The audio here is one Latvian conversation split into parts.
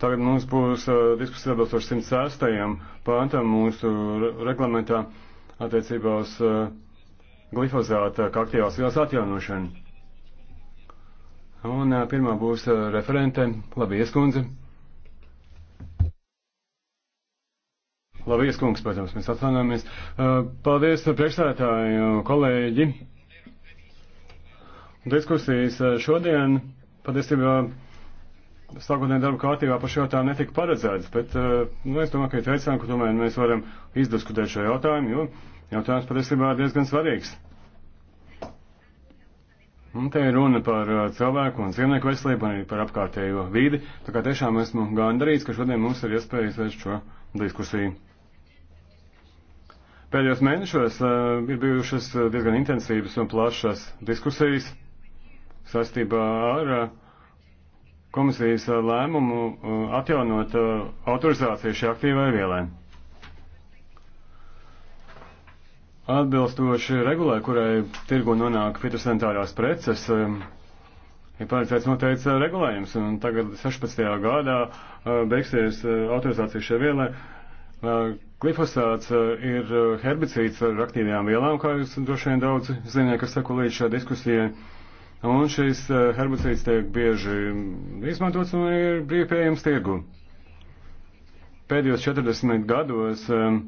Tagad mums būs uh, diskusija atbilstoši 106. pāntam mūsu reglamentā attiecībā uz uh, glifozāta kā aktīvās vielas atjaunošanu. Un uh, pirmā būs referente, labi ieskundze. Labi, ieskungs, protams, mēs atvainojamies. Paldies priekšsētāju kolēģi. Diskusijas šodien patiesībā sākotnēji darba kārtībā par šo jautājumu netika paredzēts, bet eh, nu, es domāju, ka ir teicām, ka tomēr mēs varam izdiskutēt šo jautājumu, jo jautājums patiesībā ir diezgan svarīgs. Un te ir runa par eh, cilvēku un dzīvnieku veselību, arī par apkārtējo vīdi. Tā kā tiešām esmu gandarīts, ka šodien mums ir iespēja izvērst šo diskusiju. Pēdējos mēnešos uh, ir bijušas diezgan intensīvas un plašas diskusijas saistībā ar uh, komisijas eh, lēmumu eh, atjaunot eh, autorizāciju šai aktīvai vielai. Atbilstoši regulē, kurai tirgu nonāk fitosanitārās preces, ir paredzēts noteikts regulējums, un tagad 16. gadā beigsies autorizācija šai vielai. Glifosāts ir herbicīds ar aktīvajām vielām, kā jūs droši vien daudz ziniet, kas seko līdz šai diskusijai. Un šis eh, herbicīds tiek bieži izmantots un ir brīvpējams tirgu. Pēdējos 40 gados eh,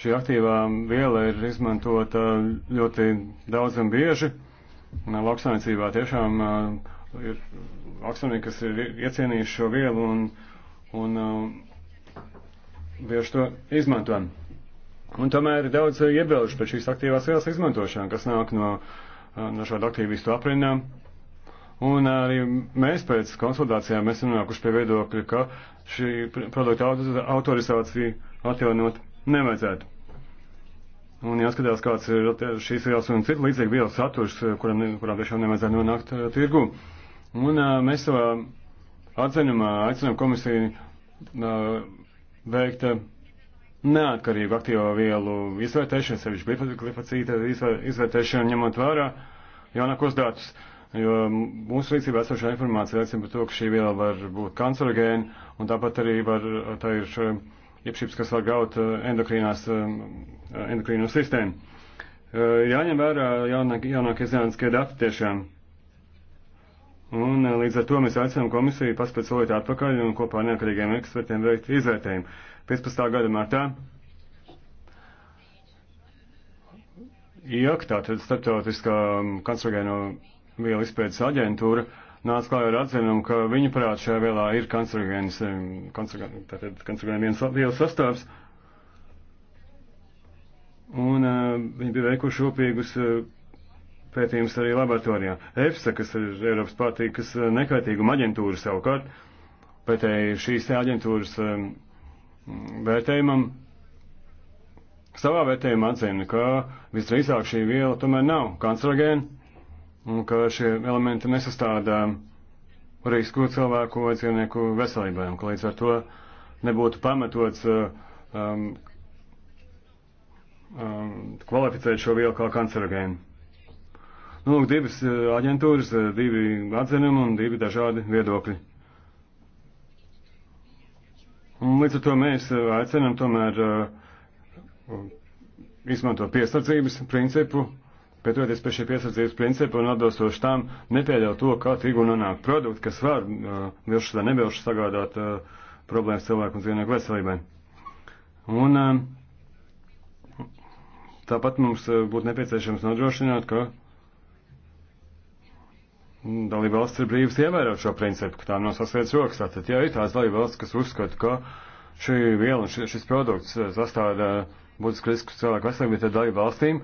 šī aktīvā viela ir izmantota ļoti daudz un bieži. Lauksainicībā tiešām eh, ir lauksainie, kas ir iecienījuši šo vielu un, un bieži to izmantojam. Un tomēr ir daudz iebilžu par šīs aktīvās vielas izmantošanu, kas nāk no uh, dažādu aktīvistu aprinām. Un arī mēs pēc konsultācijām esam nonākuši pie viedokļa, ka šī produkta autorizācija atjaunot nevajadzētu. Un jāskatās, kāds ir šīs vielas un citu līdzīgu vielu saturs, kuram, kuram tiešām nevajadzētu nonākt eh, tirgu. Un eh, mēs savā atzinumā aicinām komisiju eh, veikt neatkarīgu aktīvo vielu izvērtēšanu, sevišķi glifocīta izvērtēšanu, ņemot vērā jaunākos datus. Jo mūsu rīcībā esošā informācija liecina par to, ka šī viela var būt kancerogēna, un tāpat arī var, tā ir iepšības, kas var graut eh, endokrīnās, eh, endokrīno sistēmu. Eh, jāņem vērā jaunāk, jaunākie zinātniskie dati tiešām. Un eh, līdz ar to mēs aicinām komisiju paspēc solīt atpakaļ un kopā ar neatkarīgiem ekspertiem veikt izvērtējumu. 15. gada martā IAK, tātad starptautiskā mm, kancerogēno vielu izpētes aģentūra, nāca klāja ar atzinumu, ka viņa prāt šajā vielā ir kancerogēns, mm, tātad kancerogēna viens vielas sastāvs. Un uh, viņi bija veikuši opīgus uh, eh, pētījums arī laboratorijā. EFSA, kas ir Eiropas pārtīkas eh, nekaitīguma aģentūra savukārt, pētēja šīs aģentūras eh, vērtējumam, savā vērtējumā atzina, ka visdrīzāk šī viela tomēr nav kancerogēna un ka šie elementi nesastādā risku cilvēku vai dzīvnieku veselībai, un ka līdz ar to nebūtu pamatots eh, um, um, kvalificēt šo vielu kā kancerogēnu. Nu, divas eh, aģentūras, eh, divi atzinumi un divi dažādi viedokļi. Un līdz ar to mēs eh, aicinām tomēr izmantot piesardzības principu, pieturēties pie šī piesardzības principa un atbilstoši tam nepieļaut to, kā tirgu nonāk produkti, kas var vilšas vai nevilšas sagādāt problēmas cilvēku un dzīvnieku veselībai. Un tāpat mums būtu nepieciešams nodrošināt, ka dalība valsts ir brīvas ievērot šo principu, ka tā nav sasvietas rokas. Tātad, ja ir tās dalība valsts, kas uzskata, ka šī viela, šis produkts sastāda eh, būtisku risku cilvēku veselībai, tad dalība valstīm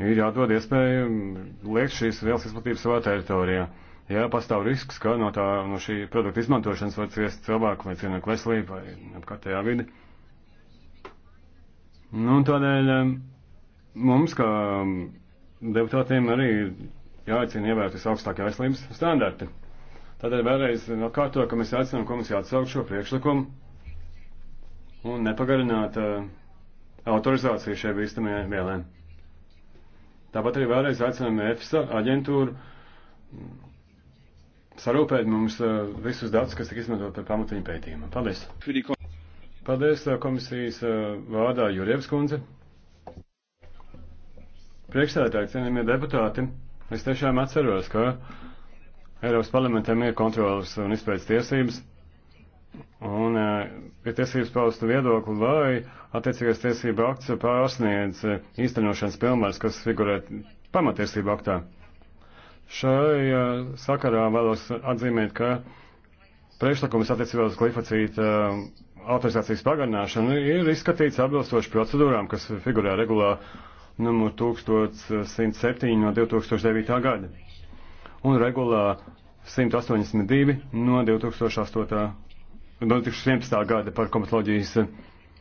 ir jādod iespēju mm, liekt šīs vielas izplatības savā teritorijā. Ja pastāv risks, ka no, tā, no šī produkta izmantošanas var ciest cilvēku vai cilvēku veselību vai apkārtējā vidi. Nu, tādēļ mm, mums, kā mm, deputātiem, arī jāicina ievērt visaugstākie veselības standarti. Tādēļ vēlreiz atkārto, ka mēs aicinām komisiju atsaukt šo priekšlikumu un nepagarināt uh, autorizāciju šiem bīstamajiem vielēm. Tāpat arī vēlreiz aicinām EFSA aģentūru mm, sarūpēt mums uh, visus datus, kas tika izmantot par pamatiņu pētījumu. Paldies! Paldies eh, komisijas uh, vārdā Jurievs kundze. Priekšsēdētāji, cienījamie deputāti! Es tiešām atceros, ka Eiropas parlamentam ir kontrolas un izpējas tiesības, un uh, ir tiesības paust viedokli, vai attiecīgais tiesība akts pārsniedz uh, īstenošanas pilnvars, kas figurē pamatiesība aktā. Šai uh, sakarā vēlos atzīmēt, ka priekšlikums attiecībā uz glifocīta uh, autorizācijas pagarināšanu ir izskatīts atbilstoši procedūrām, kas figurē regulā uh, numur 1107 no 2009. gada un regulā 182 no 2008. no 2011. gada par komitoloģijas eh,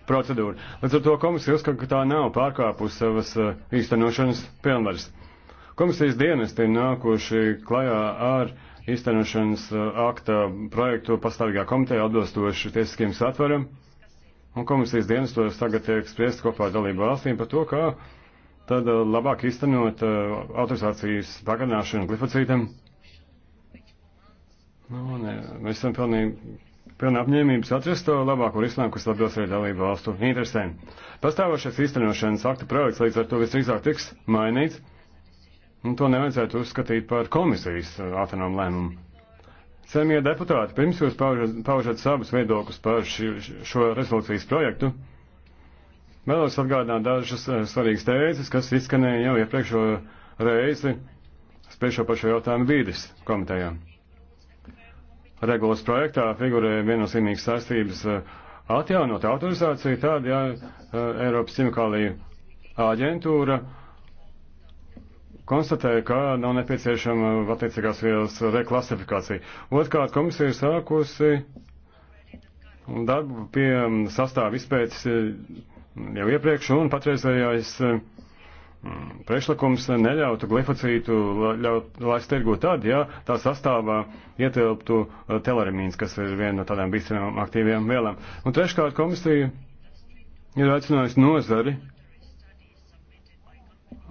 procedūru. Līdz ar to komisija uzskata, ka tā nav pārkāpusi savas eh, īstenošanas pilnvaras. Komisijas dienesti ir nākuši klajā ar īstenošanas eh, akta projektu pastāvīgā komiteja atbilstoši tiesiskiem satveram, un komisijas dienestos tagad tiek spriest kopā ar dalību valstīm par to, kā tad eh, labāk iztenot eh, autorizācijas pagarināšanu glifocītam. Nu, ne, eh, mēs esam pilnīgi pilnā apņēmības atrast to labāko risinājumu, kas atbilst arī dalību valstu interesēm. Pastāvošais īstenošanas akta projekts līdz ar to visdrīzāk tiks mainīts, un to nevajadzētu uzskatīt par komisijas autonomu lēmumu. Cēmie deputāti, pirms jūs paužat, paužat savus viedokļus par ši, šo rezolūcijas projektu, Vēlos atgādināt dažas eh, svarīgas tēzes, kas izskanēja jau iepriekšo reizi spriešo par šo jautājumu vīdes komitejā. Regulas projektā figurē viennozīmīgas saistības eh, atjaunot autorizāciju, tad, ja eh, Eiropas ķimikālija aģentūra konstatēja, ka nav nepieciešama attiecīgās vielas reklasifikācija. Otkārt, komisija ir sākusi darbu pie sastāvu izpētes jau iepriekš, un patreizējais eh, mm, priekšlikums neļautu glifocītu ļaut, laist tirgu tad, ja tā sastāvā ietilptu eh, teleremīns, kas ir viena no tādām bīstamām aktīvajām vielām. Un treškārt komisija ir aicinājusi nozari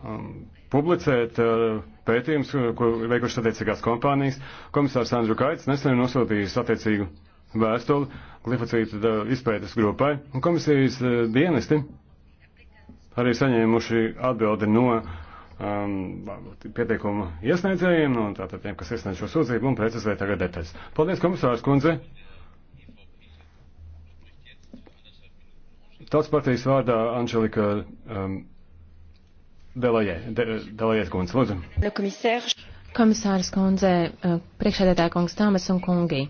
um, publicēt uh, eh, pētījumus, ko veikušas attiecīgās kompānijas. Komisārs Andru Kaits nesen nosūtījis attiecīgu vēstuli glifocīta uh, izpētes grupai, un komisijas uh, dienesti arī saņēmuši atbildi no um, pieteikumu iesniedzējiem, no tātad tiem, kas iesniedz šo sūdzību, un precizē tagad detaļas. Paldies, komisārs kundze! Tautas partijas vārdā Anželika um, Delajē, De, Delajē kundze, lūdzu. Komisāras kundze, eh, priekšsēdētāja kungs Tāmas un kungi.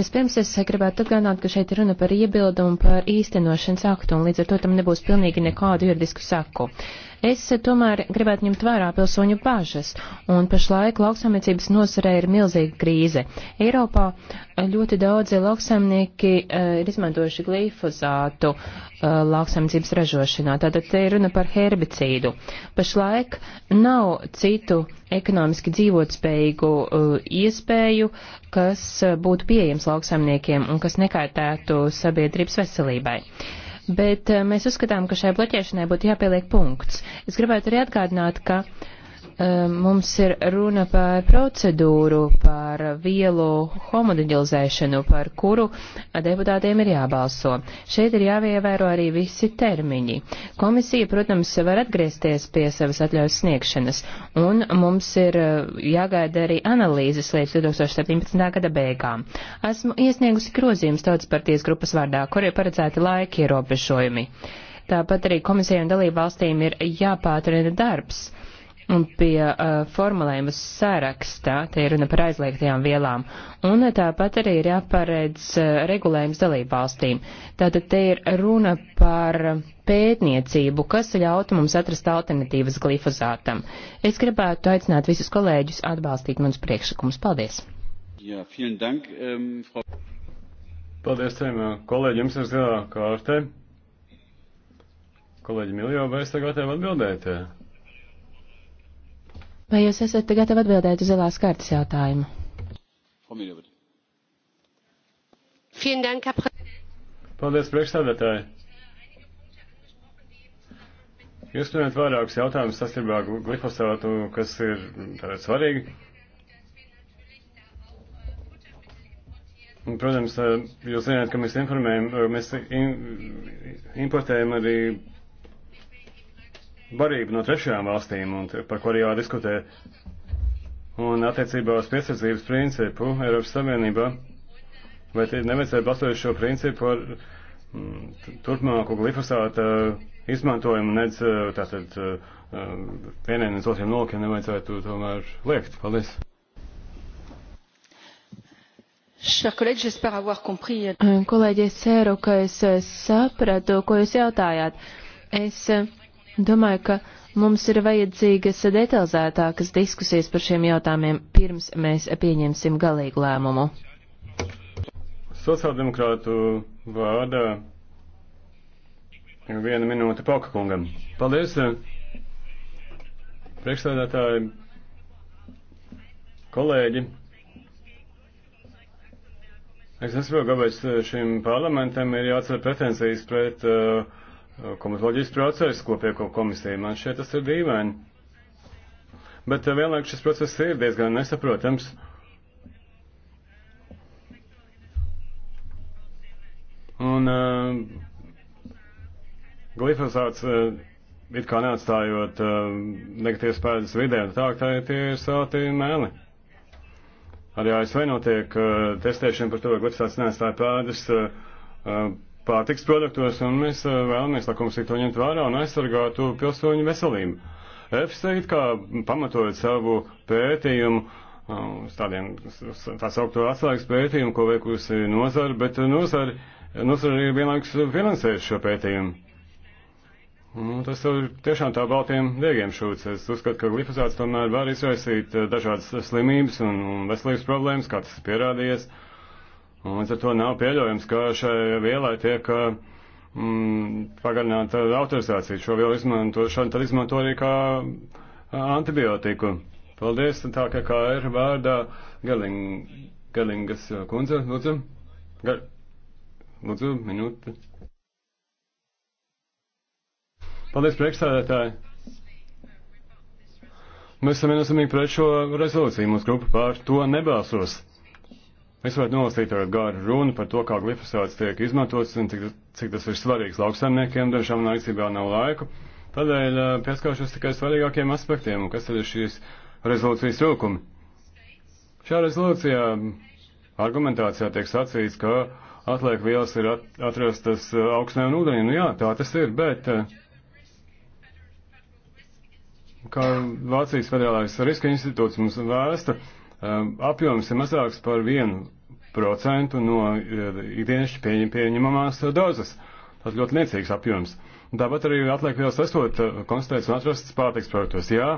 Vispirms es gribētu atgādināt, ka šeit ir runa par iebildumu par īstenošanas aktu, un līdz ar to tam nebūs pilnīgi nekādu juridisku saku. Es tomēr gribētu ņemt vērā pilsoņu bažas, un pašlaik lauksamniecības nosarē ir milzīga krīze. Eiropā eh, ļoti daudzi lauksamnieki uh, eh, ir izmantojuši glifozātu uh, eh, lauksamniecības ražošanā, tātad te ir runa par herbicīdu. Pašlaik nav citu ekonomiski dzīvotspējīgu uh, iespēju, kas būtu pieejams lauksamniekiem un kas nekaitētu sabiedrības veselībai. Uh, bet eh, mēs uzskatām, ka šai bloķēšanai būtu jāpieliek punkts. Es gribētu arī atgādināt, ka uh, Ehm, mums ir runa par procedūru, par vielu homodiģilizēšanu, par kuru deputātiem ir jābalso. Šeit ir jāievēro arī visi termiņi. Komisija, protams, var atgriezties pie savas atļaujas sniegšanas, un mums ir eh, jāgaida arī analīzes līdz 2017. gada beigām. Esmu iesniegusi grozījums tautas partijas grupas vārdā, kur ir paredzēti laika ierobežojumi. Tāpat arī komisijai un dalību valstīm ir jāpātrina darbs Un pie uh, formulējuma sarakstā, te ir runa par aizliegtajām vielām, un tāpat arī ir jāparedz uh, regulējums dalību valstīm. Tātad te ir runa par pētniecību, kas ļautu mums atrast alternatīvas glifozātam. Es gribētu aicināt visus kolēģus atbalstīt manus priekšlikumus. Paldies! Jā, ja, dank, um, Frau... Paldies, tiem kolēģiem, jums ir zilā kārte. Kolēģi Miljo, vai esat gatavi atbildēt? Jā. Vai jūs esat gatavi atbildēt uz zilās kartas jautājumu? Paldies, priekšstādātāji! Jūs minējat vairākus jautājumus saistībā ar glifosātu, kas ir svarīgi. Un, protams, jūs zināt, ka mēs informējam, mēs importējam arī barību no trešajām valstīm, un par ko arī jādiskutē. Un attiecībā uz piesardzības principu Eiropas Savienībā, vai nevajadzētu balstot šo principu ar mm, turpmāku glifosāta izmantojumu, nedz eh, tātad eh, vieniem un otriem nolūkiem nevajadzētu tomēr liekt. Paldies! Euh, Kolēģi, es ceru, ka es eh, sapratu, ko jūs jautājāt. Es Domāju, ka mums ir vajadzīgas detalizētākas diskusijas par šiem jautājumiem, pirms mēs pieņemsim galīgu lēmumu. Sociāldemokrātu vārdā viena minūte Pauka kungam. Paldies, eh, priekšstādātāji, kolēģi. Es nesaprotu, kāpēc eh, šim parlamentam ir jāatcer pretensijas pret uh, komitoloģijas procesu, kopējo komisiju. Man šeit tas ir dīvaini. Bet eh, vienlaikus šis process ir diezgan nesaprotams. Un uh, glifosāts uh, it kā neatstājot uh, negatīvas pēdas vidē, tā, tā tie ir sāti mēli. Arī ASV notiek uh, testēšana par to, ka glifosāts neatstāja pēdas. Uh, uh, pārtiks produktos, un mēs eh, vēlamies, lai komisija to ņemtu vērā un aizsargātu pilsoņu veselību. EFSA it kā pamatojot savu pētījumu, eh, uz tādiem tā saukto atslēgas pētījumu, ko veikusi nozara, bet nozara, nozara ir vienlaikus finansējusi šo pētījumu. Nu, tas ir tiešām tā baltiem diegiem šūts. Es uzskatu, ka glifosāts tomēr var izraisīt eh, dažādas slimības un veselības problēmas, kā tas pierādījies. Uh, Un līdz ar to nav pieļaujams, ka šai vielai tiek mm, pagarināta autorizācija. Šo vielu izmanto, šādi tad izmanto arī kā antibiotiku. Paldies, tā kā, kā ir vārdā Galing, Galingas kundze, lūdzu. Gal, lūdzu, minūte. Paldies, priekšsēdētāji. Mēs esam vienasamīgi pret šo rezolūciju. Mūsu grupa pār to nebalsos. Es varētu nolasīt ar garu runu par to, kā glifosāts tiek izmantots un cik, cik tas ir svarīgs lauksaimniekiem, dažām naicībā nav laiku. Tādēļ eh, pieskāršos tikai svarīgākiem aspektiem, un kas tad ir šīs rezolūcijas trūkumi. Šajā rezolūcijā mm, argumentācijā tiek sacīts, ka atliek vielas ir at, atrastas eh, augstnē un ūdenī. Nu jā, tā tas ir, bet eh, kā Vācijas federālais riska institūts mums vēsta, Um, apjoms ir mazāks par 1% no uh, ikdienišķi pieņem, pieņemamās dozes. Tas ļoti niecīgs apjoms. Tāpat arī atliek vēl sesot uh, konstatēts un atrasts pārtiks projektos. Jā,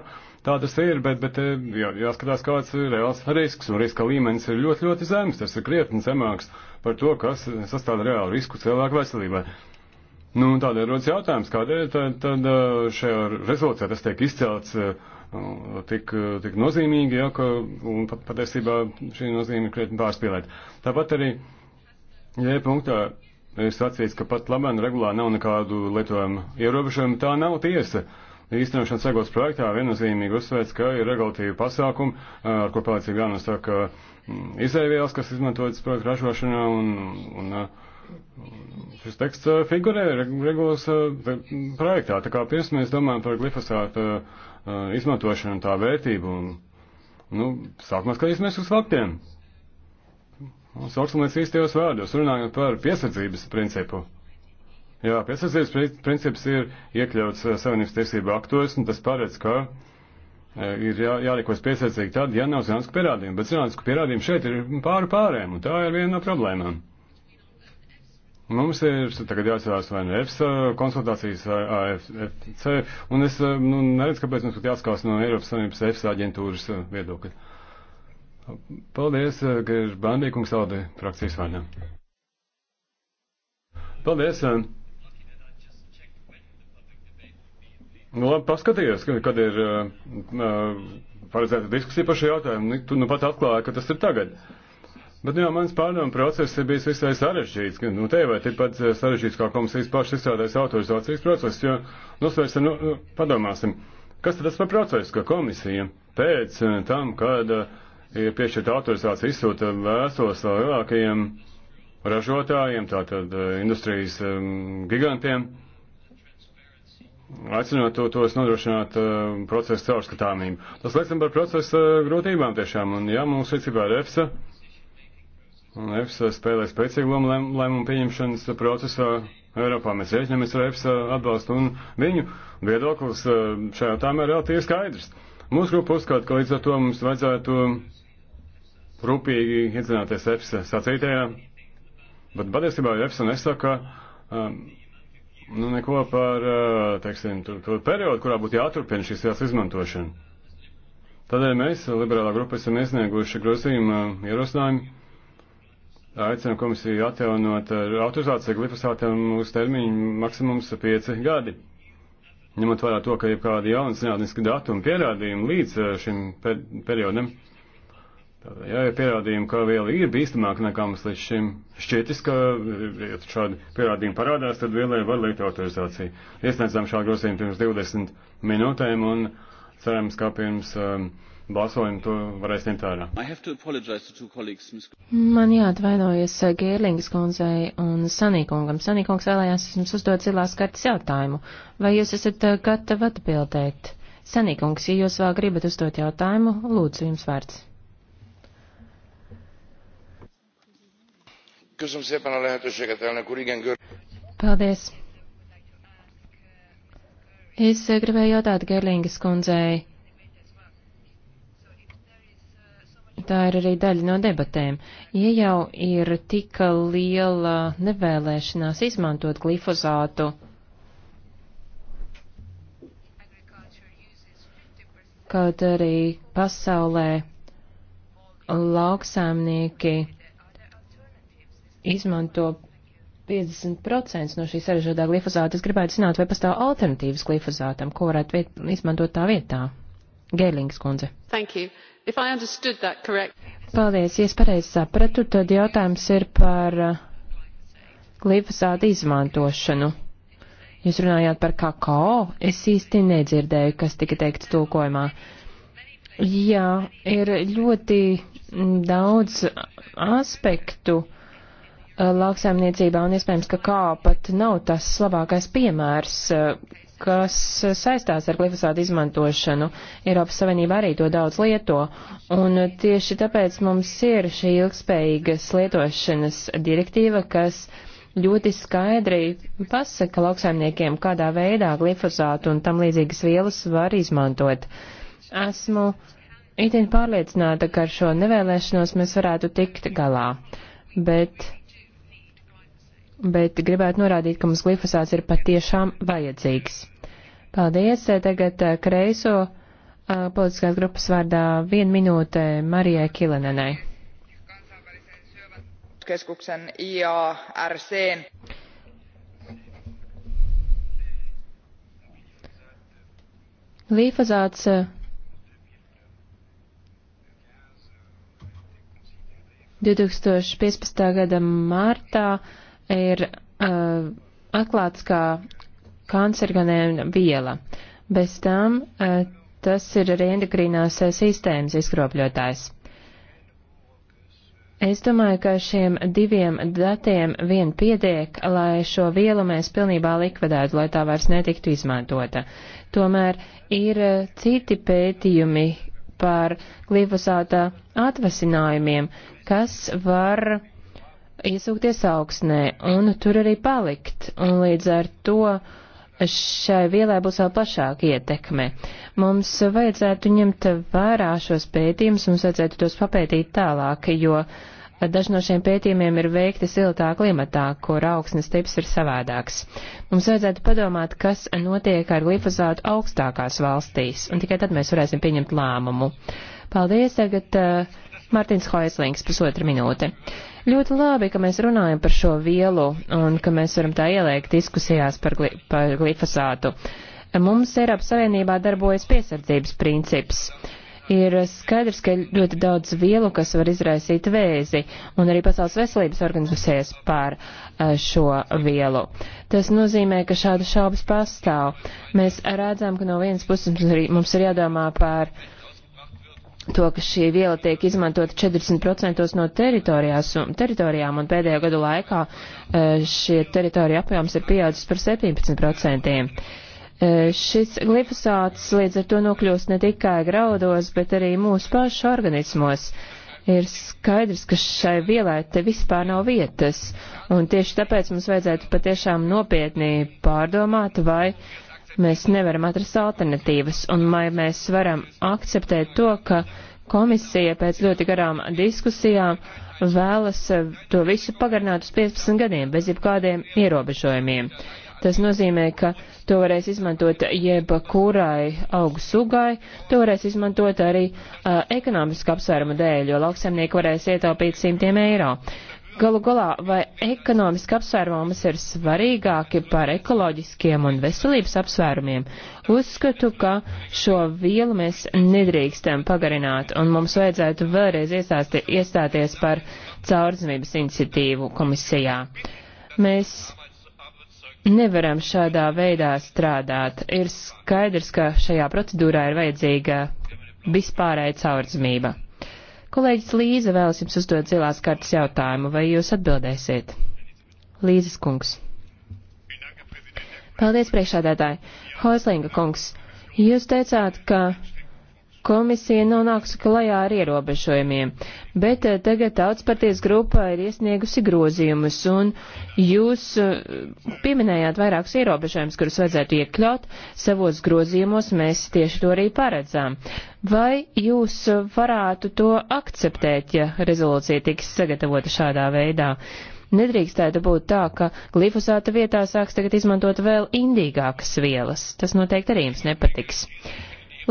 tā tas ir, bet, bet uh, jā, jāskatās, kāds ir reāls risks, un riska līmenis ir ļoti, ļoti zems. Tas ir krietni zemāks par to, kas sastāv reālu risku cilvēku veselībai. Nu, tādēļ rodas jautājums, kādēļ tad, tad šajā rezolūcijā tas tiek izcelts uh, Nu, tik, tik nozīmīgi, ja, ka, un pat, patiesībā šī nozīme ir krietni pārspīlēta. Tāpat arī, ja punktā es atceros, ka pat labāk regulā nav nekādu lietojumu ierobežojumu, tā nav tiesa. Īstenošanas segos projektā viennozīmīgi uzsvērts, ka ir regulatīvi pasākumi, ar ko palīdzību jānosaka mm, izēvielas, kas izmantotas projektu ražošanā un, un, Šis teksts uh, figurē regulas uh, projektā. Tā kā pirms mēs domājam par glifosātu Eh, izmantošana un tā vērtība. Un, nu, sākumā skatīsimies uz faktiem. Sauksim līdz īstajos vārdos, runājot par piesardzības principu. Jā, piesardzības princips ir iekļauts eh, Savienības tiesību aktos, un tas paredz, ka eh, ir jā, jārīkojas piesardzīgi tad, ja nav zinātnisku pierādījumu, bet zinātnisku pierādījumu šeit ir pāri pārējiem, un tā ir viena no problēmām. Un mums ir tagad jāatcerās vai nu EFSA konsultācijas vai AFC, un es eh, nu, neredzu, kāpēc mums būtu jāskās no Eiropas Savienības EFSA aģentūras eh, viedokļa. Paldies, ka eh, ir bandīkums Aldi frakcijas vaļā. Paldies! Nu, labi, paskatījos, kad ir uh, paredzēta diskusija par šo jautājumu. Nu, tu nu pat atklāji, ka tas ir tagad. Uh, Bet jau mans pārdomu process ir bijis visai sarežģīts, ka, nu, te vai tikpat eh, sarežģīts kā komisijas pašas izstrādājas autorizācijas process, jo, nu, svērsim, nu, nu, padomāsim, kas tad tas par procesu, ka komisija pēc eh, tam, kad eh, ir piešķirta autorizācija, izsūta vēstos lielākajiem ražotājiem, tātad industrijas gigantiem, aicinot to, tos nodrošināt procesu caurskatāmību. Tas liecina par procesa grūtībām tiešām, un, jā, mums rīcībā ir EFSA. Un EFSA spēlē spēcīgu lomu lēmumu pieņemšanas procesā Eiropā. Mēs rēķinamies ar EFSA atbalstu un viņu viedoklis eh, šajā tēmā ir relatīvi skaidrs. Mūsu grupa uzskata, ka līdz ar to mums vajadzētu rūpīgi iedzināties EFSA sacītajā, bet patiesībā EFSA nesaka um, nu, neko par, eh, teiksim, to, to periodu, kurā būtu jāturpina šīs vielas izmantošana. Tādēļ mēs, liberālā grupa, esam iesnieguši grozījumu eh, ierosinājumu aicina komisiju atjaunot ar autorizāciju glifosātiem uz termiņu maksimums 5 gadi. Ņemot vērā to, ka ir kādi jauni zinātniski datumi pierādījumi līdz eh, šim per periodam, tādā, jā, ir pierādījumi, ka viela ir bīstamāka nekā mums līdz šim šķietis, ka, eh, ja šādi pierādījumi parādās, tad vielai var likt autorizāciju. Iesniedzām šādu grozījumu pirms 20 minūtēm un cerams, ka pirms um, balsojumu to varēs ņemt vērā. Man jāatvainojas eh, Gērlingas kundzei un Sanīkungam. Sanīkungs vēlējās jums uzdot zilās kartas jautājumu. Vai jūs esat eh, gatavi atbildēt? Sanīkungs, ja jūs vēl gribat uzdot jautājumu, lūdzu jums vārds. Paldies. Es eh, gribēju jautāt Gerlingas kundzei, tā ir arī daļa no debatēm. Ja jau ir tik liela nevēlēšanās izmantot glifozātu, kaut arī pasaulē lauksaimnieki izmanto 50% no šī sarežģītā glifozāta. Es gribētu zināt, vai pastāv alternatīvas glifozātam, ko varētu viet, izmantot tā vietā. Gēlings kundze. Thank you. Correct... Paldies, ja es pareizi sapratu, tad jautājums ir par uh, glifosātu izmantošanu. Jūs runājāt par kakao, es īsti nedzirdēju, kas tika teikts tulkojumā. Jā, ir ļoti mm, daudz aspektu uh, lauksaimniecībā, un iespējams, ka kā pat nav tas labākais piemērs, uh, kas saistās ar glifosātu izmantošanu. Eiropas Savienība arī to daudz lieto, un tieši tāpēc mums ir šī ilgspējīgas lietošanas direktīva, kas ļoti skaidri pasaka lauksaimniekiem, kādā veidā glifosātu un tam līdzīgas vielas var izmantot. Esmu itin pārliecināta, ka ar šo nevēlēšanos mēs varētu tikt galā, bet bet gribētu norādīt, ka mums glifosāts ir patiešām vajadzīgs. Paldies. Tagad eh, kreiso eh, politiskās grupas vārdā vienu minūte Marijai Kilenenai. Keskuksen IARCn. Glifosāts eh, Divtūkstoš 15. gada martā ir uh, atklāts kā kancerganēna viela. Bez tam e, tas ir arī endokrīnās e, sistēmas izkropļotājs. Es domāju, ka šiem diviem datiem vien pietiek, lai šo vielu mēs pilnībā likvidētu, lai tā vairs netiktu izmantota. Tomēr ir e, citi pētījumi par glifosāta atvasinājumiem, kas var iesūkties augsnē un tur arī palikt. Un līdz ar to uh, šai vielai būs vēl plašāka ietekme. Mums vajadzētu ņemt vērā šos pētījumus, mums vajadzētu tos papētīt tālāk, jo daži no šiem pētījumiem ir veikti siltā klimatā, kur augsnes tips ir savādāks. Mums vajadzētu padomāt, kas notiek ar glifozātu augstākās valstīs, un tikai tad mēs varēsim pieņemt lēmumu. Paldies, tagad uh, eh, Mārtiņš Hoislings, pusotra minūte. Uh, Ļoti labi, ka mēs runājam par šo vielu un ka mēs varam tā ieliekt diskusijās par, gli par glifosātu. Mums Eiropas Savienībā darbojas piesardzības princips. Ir skaidrs, ka ir ļoti daudz vielu, kas var izraisīt vēzi, un arī Pasaules veselības organizēsies par eh, šo vielu. Tas nozīmē, ka šāda šaubas pastāv. Mēs redzam, ka no vienas puses mums ir jādomā par uh, to, ka šī viela tiek izmantota 40% no un, teritorijām, un pēdējo gadu laikā e, šie teritorija apjoms ir pieaudzis par 17%. E, šis glifosāts līdz ar to nokļūst ne tikai graudos, bet arī mūsu pašu organismos. Ir skaidrs, ka šai vielai te vispār nav vietas, un tieši tāpēc mums vajadzētu patiešām nopietni pārdomāt, vai uh, Mēs nevaram atrast alternatīvas, un vai mēs varam akceptēt to, ka komisija pēc ļoti garām diskusijām vēlas eh, to visu pagarināt uz 15 gadiem bez jebkādiem ierobežojumiem. Tas nozīmē, ka to varēs izmantot jebkurai augu sugai, to varēs izmantot arī uh, ekonomiska apsvēruma dēļ, jo lauksaimnieki varēs ietaupīt simtiem eiro. Galu galā, vai ekonomiski apsvērumi mums ir svarīgāki par ekoloģiskiem un veselības apsvērumiem? Uzskatu, ka šo vielu mēs nedrīkstam pagarināt, un mums vajadzētu vēlreiz iestāsti, iestāties par caurzemības iniciatīvu komisijā. Mēs nevaram šādā veidā strādāt. Ir skaidrs, ka šajā procedūrā ir vajadzīga vispārēja caurzemība. Kolēģis Līza vēlas jums uzdot zilās kartas jautājumu, vai jūs atbildēsiet? Līzes kungs. Paldies, priekšādētāji. Hoislinga kungs, jūs teicāt, ka komisija nav nākusi klajā ar ierobežojumiem, bet eh, tagad tautspartijas grupā ir iesniegusi grozījumus, un jūs eh, pieminējāt vairākus ierobežojumus, kurus vajadzētu iekļaut, savos grozījumos mēs tieši to arī paredzām. Vai jūs varētu to akceptēt, ja rezolūcija tiks sagatavota šādā veidā? Nedrīkstētu būt tā, ka glifosāta vietā sāks tagad izmantot vēl indīgākas vielas. Tas noteikti arī jums nepatiks.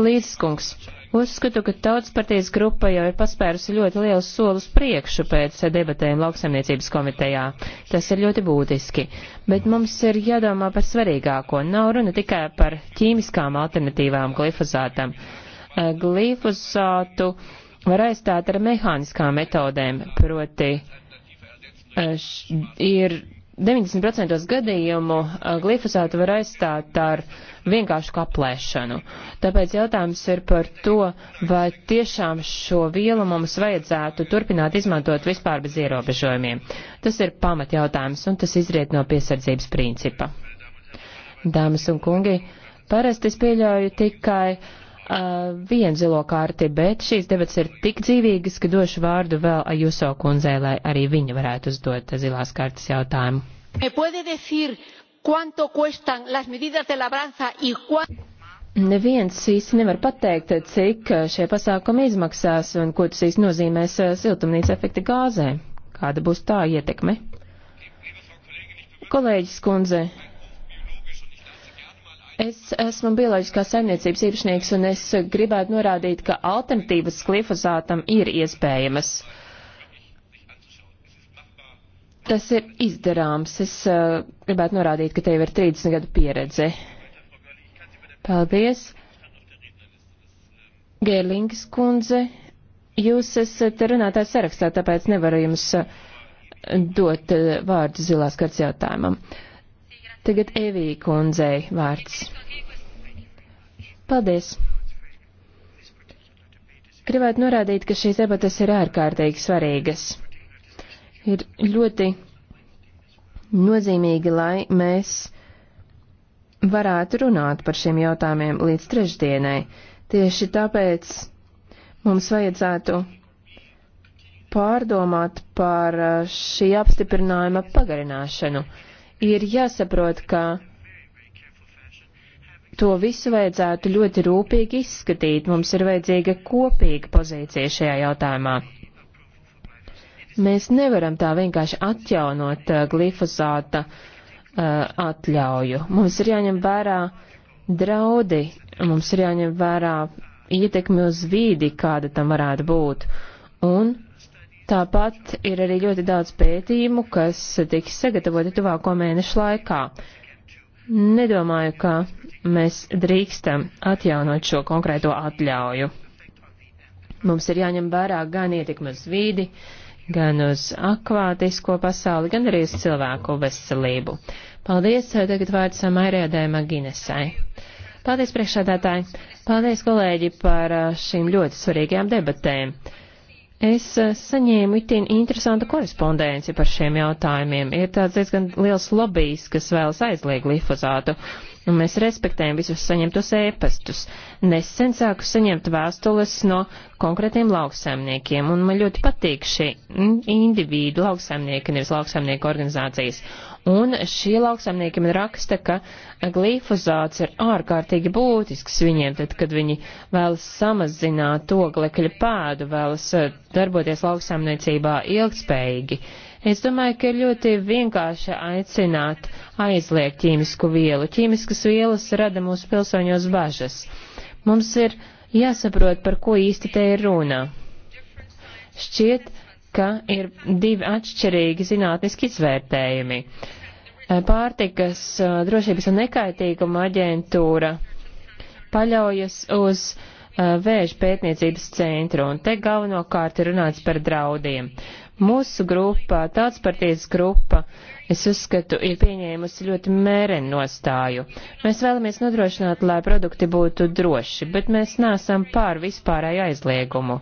Līdzskungs. Uzskatu, ka tautspartijas grupa jau ir paspērusi ļoti lielu solus priekšu pēc debatēm lauksaimniecības komitejā. Tas ir ļoti būtiski. Bet mums ir jādomā par svarīgāko. Nav runa tikai par ķīmiskām alternatīvām glifozātam. Eh, glifozātu var aizstāt ar mehāniskām metodēm, proti eh, ir 90% gadījumu glifosātu var aizstāt ar vienkāršu kaplēšanu. Tāpēc jautājums ir par to, vai tiešām šo vielu mums vajadzētu turpināt izmantot vispār bez ierobežojumiem. Tas ir pamatjautājums, un tas izriet no piesardzības principa. Dāmas un kungi, parasti es pieļauju tikai uh, uh, vienu zilo karti, bet šīs debats ir tik dzīvīgas, ka došu vārdu vēl Ajuso kundzei, lai arī viņa varētu uzdot zilās kartas jautājumu. Neviens īsti nevar pateikt, cik šie pasākumi izmaksās un ko tas īsti nozīmēs uh, siltumnīca efekta gāzē. Kāda būs tā ietekme? Kolēģis kundze, Es esmu bioloģiskās saimniecības īpašnieks un es gribētu norādīt, ka alternatīvas glifosātam ir iespējamas. Tas ir izdarāms. Es uh, gribētu norādīt, ka tev ir 30 gadu pieredze. Paldies. Gērlings kundze, jūs esat runātājs sarakstā, tāpēc nevaru jums eh, dot eh, vārdu zilās kārtas jautājumam. Uh, Tagad Evī kundzei vārds. Paldies! Gribētu norādīt, ka šīs debatas ir ārkārtīgi svarīgas. Ir ļoti nozīmīgi, lai mēs varētu runāt par šiem jautājumiem līdz trešdienai. Tieši tāpēc mums vajadzētu pārdomāt par uh, šī apstiprinājuma pagarināšanu ir jāsaprot, ka to visu vajadzētu ļoti rūpīgi izskatīt. Mums ir vajadzīga kopīga pozīcija šajā jautājumā. Mēs nevaram tā vienkārši atjaunot uh, glifosāta uh, atļauju. Mums ir jāņem vērā draudi, mums ir jāņem vērā ietekmi uz vīdi, kāda tam varētu būt. Un Tāpat ir arī ļoti daudz pētījumu, kas tiks sagatavoti tuvāko mēnešu laikā. Nedomāju, ka mēs drīkstam atjaunot šo konkrēto atļauju. Mums ir jāņem vērā gan ietekme uz vīdi, gan uz akvātisko pasauli, gan arī uz cilvēku veselību. Paldies, tagad vārds Mairēdai Maginesai. Paldies, priekšādātāji! Paldies, kolēģi, par šīm ļoti svarīgajām debatēm. Es eh, saņēmu itin interesantu korespondenci par šiem jautājumiem. Ir tāds diezgan liels lobijs, kas vēlas aizliegt glifozātu. Uh, un nu, mēs respektējam visus saņemtos ēpastus. Nesen sāku saņemt vēstules no konkrētiem lauksaimniekiem, un man ļoti patīk šie individu lauksaimnieki, nevis lauksaimnieku organizācijas. Un šie lauksaimnieki man raksta, ka glifozāts ir ārkārtīgi būtisks viņiem, tad, kad viņi vēlas samazināt oglekļa pēdu, vēlas eh, darboties lauksaimniecībā ilgspējīgi. Es domāju, ka ir ļoti vienkārši aicināt aizliegt ķīmisku vielu. Ķīmiskas vielas rada mūsu pilsoņos bažas. Mums ir jāsaprot, par ko īsti te ir runa. Šķiet, ka ir divi atšķirīgi zinātniski izvērtējumi. Eh, pārtikas eh, drošības un nekaitīguma aģentūra paļaujas uz uh, vēža pētniecības centru, un te galvenokārt ir runāts par draudiem. Mūsu grupa, tāds partijas grupa, es uzskatu, ir pieņēmusi ļoti mērenu nostāju. Mēs vēlamies nodrošināt, lai produkti būtu droši, bet mēs nesam pār vispārēju aizliegumu.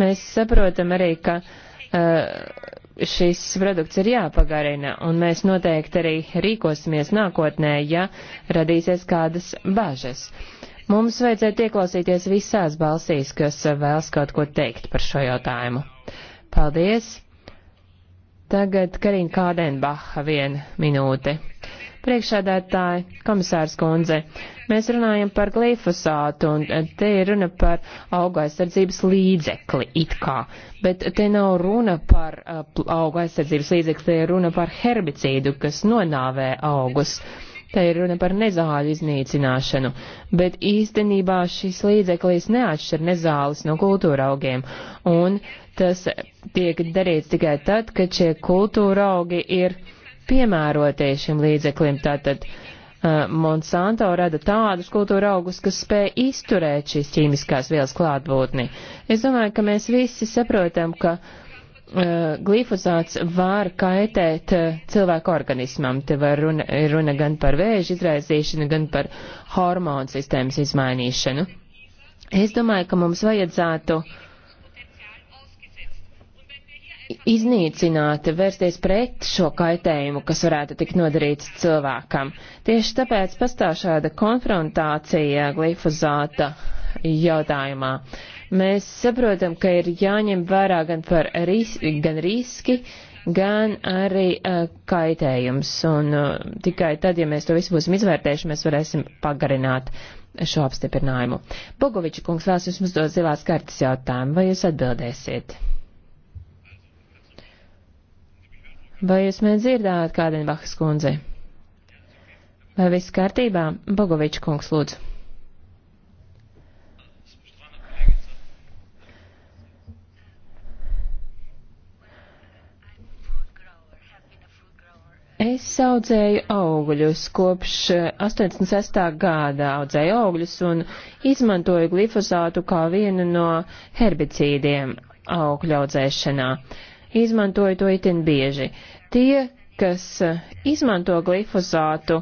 Mēs saprotam arī, ka uh, šis produkts ir jāpagarina, un mēs noteikti arī rīkosimies nākotnē, ja radīsies kādas bažas. Mums vajadzētu ieklausīties visās balsīs, kas vēlas kaut ko teikt par šo jautājumu. Paldies! Tagad Karina Kādenbacha vien minūte. Priekšsēdētāji, komisārs kundze, mēs runājam par glifosātu un te ir runa par auga aizsardzības līdzekli it kā, bet te nav runa par uh, auga aizsardzības līdzekli, te ir runa par herbicīdu, kas nonāvē augus. Uh, Te ir runa par nezāļu iznīcināšanu, bet īstenībā šis līdzeklis neatšķir nezāles no kultūra augiem, un tas tiek darīts tikai tad, kad šie kultūra augi ir piemērotie šim līdzeklim. Tātad uh, Monsanto rada tādus kultūra augus, kas spēj izturēt šīs ķīmiskās vielas klātbūtni. Es domāju, ka mēs visi saprotam, ka Eh, glifosāts var kaitēt eh, cilvēku organismam. Te var runa, runa gan par vēža izraisīšanu, gan par hormonu sistēmas izmainīšanu. Es domāju, ka mums vajadzētu iznīcināt, vērsties pret šo kaitējumu, kas varētu tikt nodarīts cilvēkam. Tieši tāpēc pastāv šāda konfrontācija glifosāta jautājumā. Uh, Mēs saprotam, ka ir jāņem vērā gan, par ris gan riski, gan arī uh, kaitējums. Un uh, tikai tad, ja mēs to visu būsim izvērtējuši, mēs varēsim pagarināt šo apstiprinājumu. Bogoviča kungs vēlas jums uzdot zilās kartas jautājumu. Vai jūs atbildēsiet? Vai jūs mani dzirdāt, Kādenbachas kundze? Vai viss kārtībā? Bogoviča kungs, lūdzu. audzēju augļus kopš 86. Eh, gada audzēju augļus un izmantoju glifosātu kā vienu no herbicīdiem augļu audzēšanā. Izmantoju to itin bieži. Tie, kas eh, izmanto glifosātu,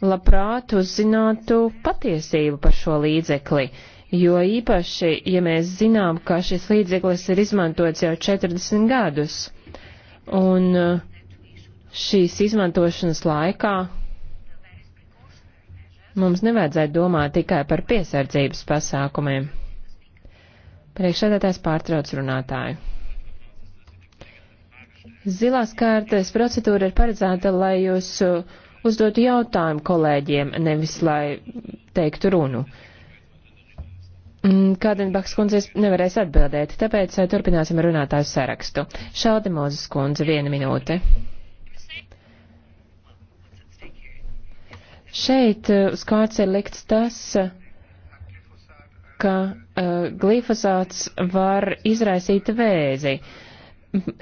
labprāt uzzinātu patiesību par šo līdzekli, jo īpaši, ja mēs zinām, ka šis līdzeklis ir izmantots jau 40 gadus. Un uh, šīs izmantošanas laikā mums nevajadzētu domāt tikai par piesardzības pasākumiem. Priekšsēdētājs pārtrauc runātāju. Zilās kārtas procedūra ir paredzēta, lai jūs uh, uzdotu jautājumu kolēģiem, nevis lai teiktu runu. Mm, Kādenbaks kundze nevarēs atbildēt, tāpēc uh, turpināsim runātāju sarakstu. Šaldi Mozes kundze, viena minūte. Šeit eh, uz kārts ir likts tas, ka uh, glifosāts var izraisīt vēzi.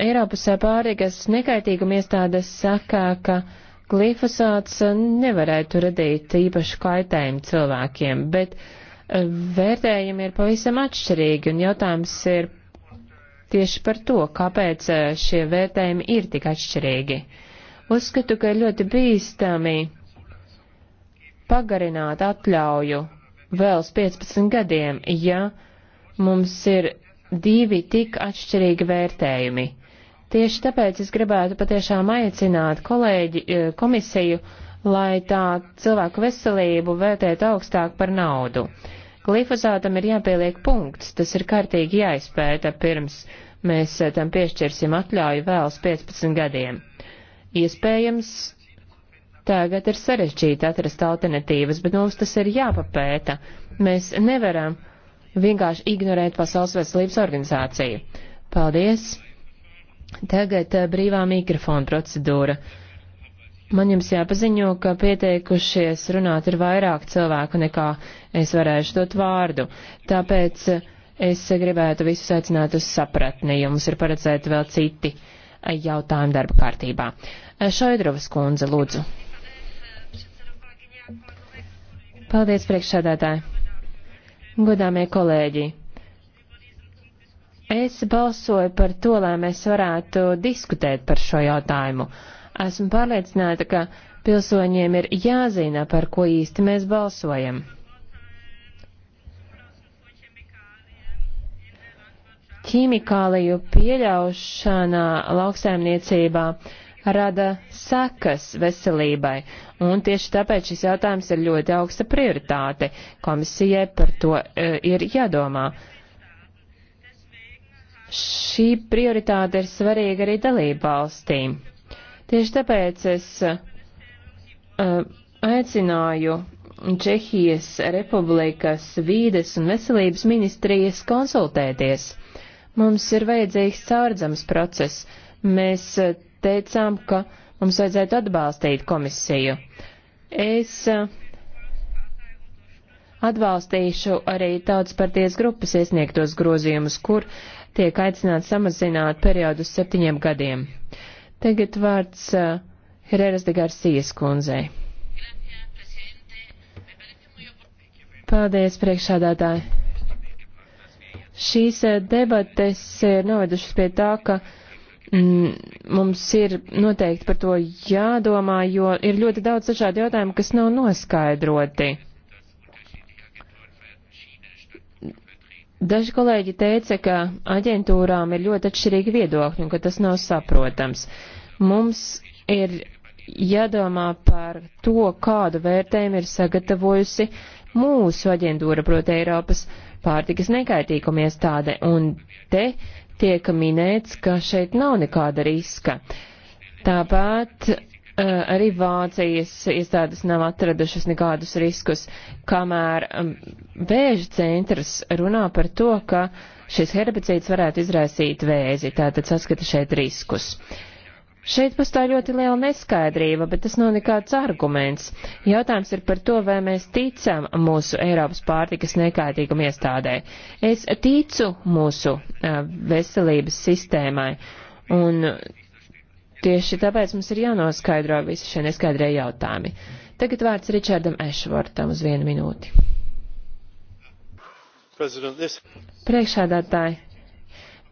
Eiropas pārīgas nekaitīguma iestādes saka, ka glifosāts nevarētu radīt īpašu kaitējumu cilvēkiem, bet eh, vērtējumi ir pavisam atšķirīgi, un jautājums ir tieši par to, kāpēc šie vērtējumi ir tik atšķirīgi. Uzskatu, ka ir ļoti bīstami pagarināt atļauju vēl uz 15 gadiem, ja mums ir divi tik atšķirīgi vērtējumi. Tieši tāpēc es gribētu patiešām aicināt kolēģi, eh, komisiju, lai tā cilvēku veselību vērtētu augstāk par naudu. Glifosātam ir jāpieliek punkts, tas ir kārtīgi jāizpēta pirms mēs eh, tam piešķirsim atļauju vēl uz 15 gadiem. Iespējams, Tagad ir sarežģīti atrast alternatīvas, bet mums tas ir jāpapēta. Mēs nevaram vienkārši ignorēt Pasaules veselības organizāciju. Paldies! Tagad eh, brīvā mikrofona procedūra. Man jums jāpaziņo, ka pieteikušies runāt ir vairāk cilvēku nekā es varēšu dot vārdu. Tāpēc eh, es gribētu visus aicināt uz sapratni, jo mums ir paredzēti vēl citi eh, jautājumi darba kārtībā. Šoidrovas kundze, lūdzu. Paldies, priekšsēdētāji. Godāmie kolēģi. Es balsoju par to, lai mēs varētu diskutēt par šo jautājumu. Esmu pārliecināta, ka pilsoņiem ir jāzina, par ko īsti mēs balsojam. Ķīmikāliju pieļaušana lauksaimniecībā rada sekas veselībai, un tieši tāpēc šis jautājums ir ļoti augsta prioritāte. Komisijai par to e, ir jādomā. Šī prioritāte ir svarīga arī dalību valstīm. Tieši tāpēc es e, aicināju Čehijas Republikas vīdes un veselības ministrijas konsultēties. Mums ir vajadzīgs caurdzams process. Mēs e, teicām, ka mums vajadzētu atbalstīt komisiju. Es eh, atbalstīšu arī tautas parties grupas iesniegtos grozījumus, kur tiek aicināts samazināt periodu uz septiņiem gadiem. Tagad vārds eh, Hereras de Garcijas kundzei. Paldies, priekšādātāji. Šīs eh, debates ir novedušas pie tā, ka Mm, mums ir noteikti par to jādomā, jo ir ļoti daudz dažādu jautājumu, kas nav noskaidroti. Daži kolēģi teica, ka aģentūrām ir ļoti atšķirīgi viedokļi un ka tas nav saprotams. Mums ir jādomā par to, kādu vērtējumu ir sagatavojusi mūsu aģentūra, proti Eiropas pārtikas nekaitīgumies tāde, un te tiek minēts, ka šeit nav nekāda riska. Tāpat eh, arī Vācijas iestādes nav atradušas nekādus riskus, kamēr mm, vēža centrs runā par to, ka šis herbicīds varētu izraisīt vēzi, tātad saskata šeit riskus. Uh, Šeit pastāv ļoti liela neskaidrība, bet tas nav nekāds arguments. Jautājums ir par to, vai mēs ticam mūsu Eiropas pārtikas nekaitīgumu iestādē. Es ticu mūsu veselības sistēmai, un tieši tāpēc mums ir jānoskaidro visi šie neskaidrie jautājumi. Tagad vārds Ričardam Ešvortam uz vienu minūti. Priekšādātāji,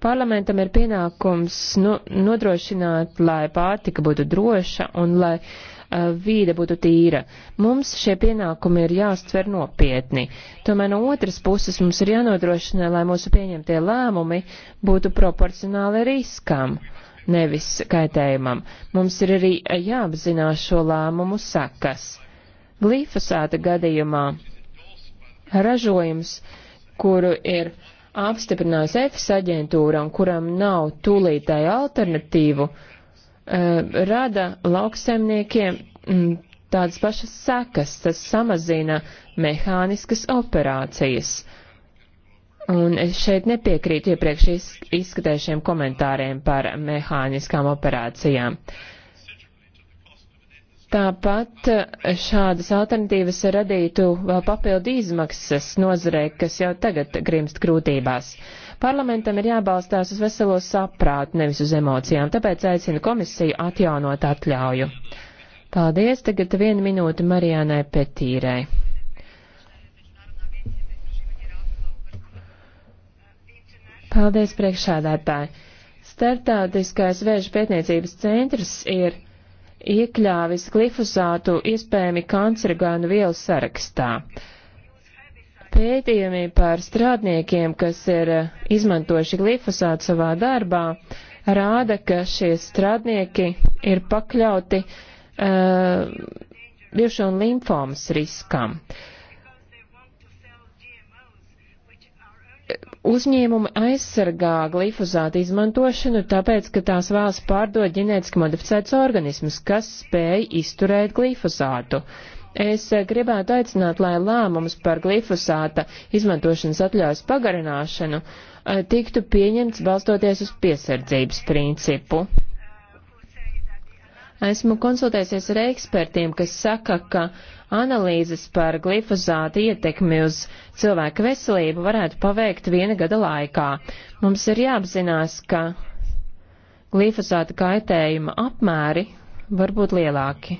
Parlamentam ir pienākums nu, nodrošināt, lai pārtika būtu droša un lai uh, vīde būtu tīra. Mums šie pienākumi ir jāstver nopietni. Tomēr no otras puses mums ir jānodrošina, lai mūsu pieņemtie lēmumi būtu proporcionāli riskam, nevis kaitējumam. Mums ir arī uh, jāapzinās šo lēmumu sekas. Glifosāta gadījumā ražojums, kuru ir uh, apstiprinājusi EFS aģentūra un kuram nav tūlītēji alternatīvu, eh, rada lauksaimniekiem mm, tādas pašas sekas, tas samazina mehāniskas operācijas. Un es šeit nepiekrītu iepriekš izskatējušiem komentāriem par mehāniskām operācijām. Uh, Tāpat eh, šādas alternatīvas radītu vēl papildu izmaksas nozarei, kas jau tagad grimst grūtībās. Parlamentam ir jābalstās uz veselo saprātu, nevis uz emocijām, tāpēc aicinu komisiju atjaunot atļauju. Paldies, tagad viena minūte Marijānai Petīrai. Paldies, priekšādātāji. Startautiskais vēža pētniecības centrs ir iekļāvis glifosātu iespējami kancergānu vielu sarakstā. Pētījumi par strādniekiem, kas ir izmantojuši glifosātu savā darbā, rāda, ka šie strādnieki ir pakļauti uh, biežu un limfomas riskam. Uh, uzņēmumi aizsargā glifozātu izmantošanu, tāpēc, ka tās vēlas pārdot ģenētiski modificētus organismus, kas spēj izturēt glifozātu. Es gribētu aicināt, lai lēmums par glifosāta izmantošanas atļaujas pagarināšanu eh, tiktu pieņemts balstoties uz piesardzības principu. Esmu konsultējies ar ekspertiem, kas saka, ka analīzes par glifozātu ietekmi uz cilvēku veselību varētu paveikt viena gada laikā. Mums ir jāapzinās, ka glifozāta kaitējuma apmēri var būt lielāki.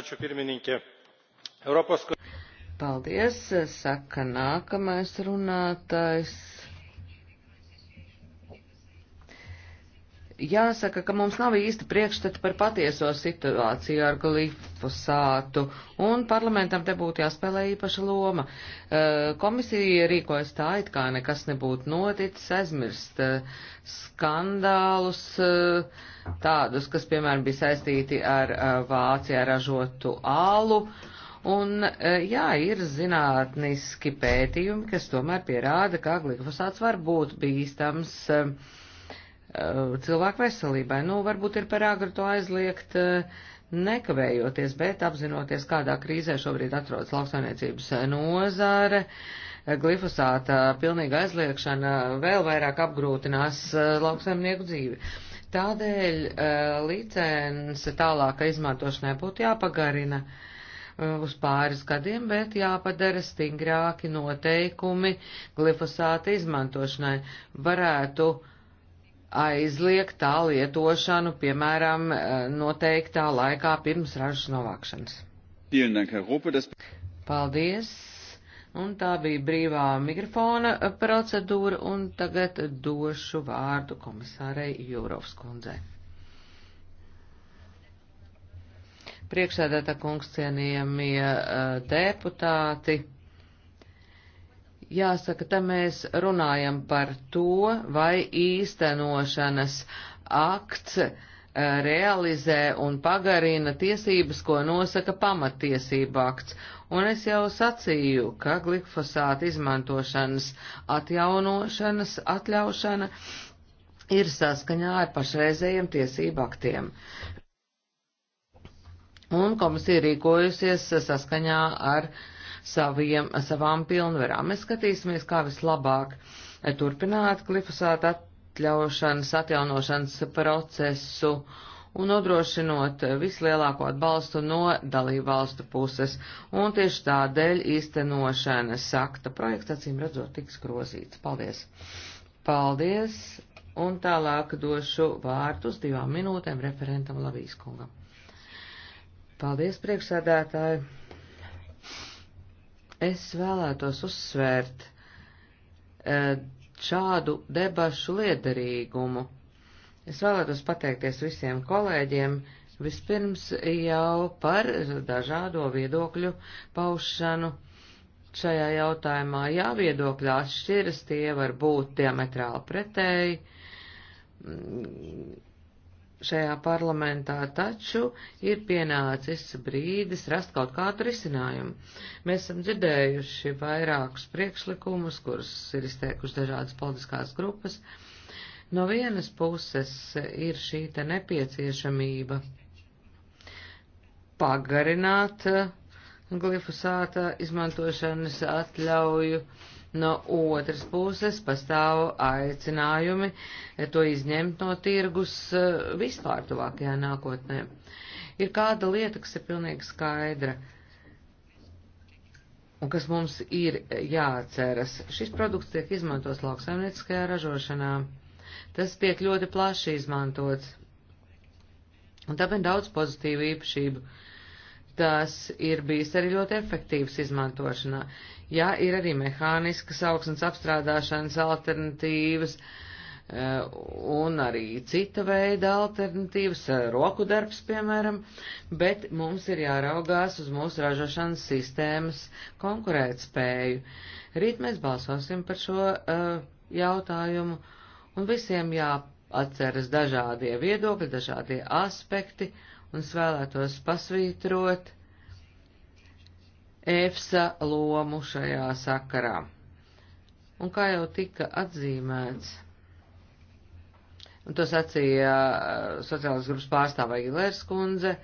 Ačiū pirmininkė. Europos. Paldies, saka nākamais runātājs. Jāsaka, ka mums nav īsti priekšstata par patieso situāciju ar glifosātu, un parlamentam te būtu jāspēlē īpaša loma. Eh, komisija rīkojas tā, it kā nekas nebūtu noticis, aizmirst eh, skandālus, eh, tādus, kas, piemēram, bija saistīti ar Vācijā ražotu alu. Un, jā, ir zinātniski pētījumi, kas tomēr pierāda, ka glifosāts var būt bīstams uh, Uh, cilvēku veselībai. Nu, varbūt ir par agru to aizliegt uh, nekavējoties, bet apzinoties, kādā krīzē šobrīd atrodas lauksaimniecības nozare, uh, glifosāta pilnīga aizliekšana vēl vairāk apgrūtinās lauksaimnieku dzīvi. Tādēļ licence tālāka izmantošanai būtu jāpagarina uz pāris gadiem, bet jāpadara stingrāki noteikumi glifosāta izmantošanai. Varētu uh, aizliegt tā lietošanu, piemēram, eh, noteiktā laikā pirms ražas novākšanas. Paldies! Un tā bija brīvā mikrofona procedūra, un tagad došu vārdu komisārei Jūrovs kundzei. Priekšsēdētā kungs cienījamie eh, deputāti. Jāsaka, te mēs runājam par to, vai īstenošanas akts eh, realizē un pagarina tiesības, ko nosaka pamatiesība akts. Un es jau sacīju, ka glifosāta izmantošanas atjaunošanas atļaušana ir saskaņā ar pašreizējiem tiesību aktiem. Un komisija rīkojusies saskaņā ar uh, saviem, savām pilnvarām. Mēs skatīsimies, kā vislabāk turpināt glifosāta atļaušanas, atjaunošanas procesu un nodrošinot vislielāko atbalstu no dalībvalstu puses, un tieši tādēļ īstenošanas sakta projekts acīm redzot tiks grozīts. Paldies! Paldies! Un tālāk došu vārdu uz divām minūtēm referentam Lavijas kungam. Paldies, priekšsēdētāji! Es vēlētos uzsvērt e, šādu debašu liederīgumu. Es vēlētos pateikties visiem kolēģiem, vispirms jau par dažādo viedokļu paušanu šajā jautājumā. Jā, viedokļi atšķiras, tie var būt diametrāli pretēji šajā parlamentā, taču ir pienācis brīdis rast kaut kādu risinājumu. Mēs esam dzirdējuši vairākus priekšlikumus, kurus ir izteikuši dažādas politiskās grupas. No vienas puses ir šī te nepieciešamība pagarināt glifosāta izmantošanas atļauju uh, No otras puses pastāv aicinājumi to izņemt no tirgus eh, vispār tuvākajā nākotnē. Ir kāda lieta, kas ir pilnīgi skaidra un kas mums ir jāatceras. Šis produkts tiek izmantots lauksaimnieciskajā ražošanā. Tas tiek ļoti plaši izmantots, un tam ir daudz pozitīvu īpašību. Uh, tas ir bijis arī ļoti efektīvs izmantošanā. Jā, ir arī mehāniskas augsnes apstrādāšanas alternatīvas eh, un arī cita veida alternatīvas, eh, roku darbs, piemēram, bet mums ir jāraugās uz mūsu ražošanas sistēmas konkurētspēju. Rīt mēs balsosim par šo uh, jautājumu, un visiem jāatceras dažādie viedokļi, dažādie aspekti, uh, un es vēlētos pasvītrot EFSA lomu šajā sakarā. Un kā jau tika atzīmēts, un to sacīja eh, sociālas grupas pārstāvā Gilērs kundze,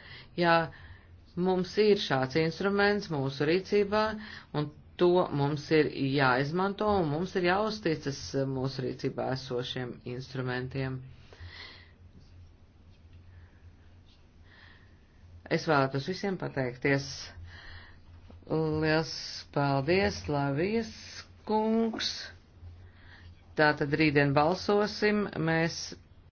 jā, mums ir šāds instruments mūsu rīcībā, un to mums ir jāizmanto, un mums ir jāuzticas mūsu rīcībā esošiem instrumentiem. Es vēlētos visiem pateikties. Liels paldies, Lavijas kungs. Tātad rītdien balsosim. Mēs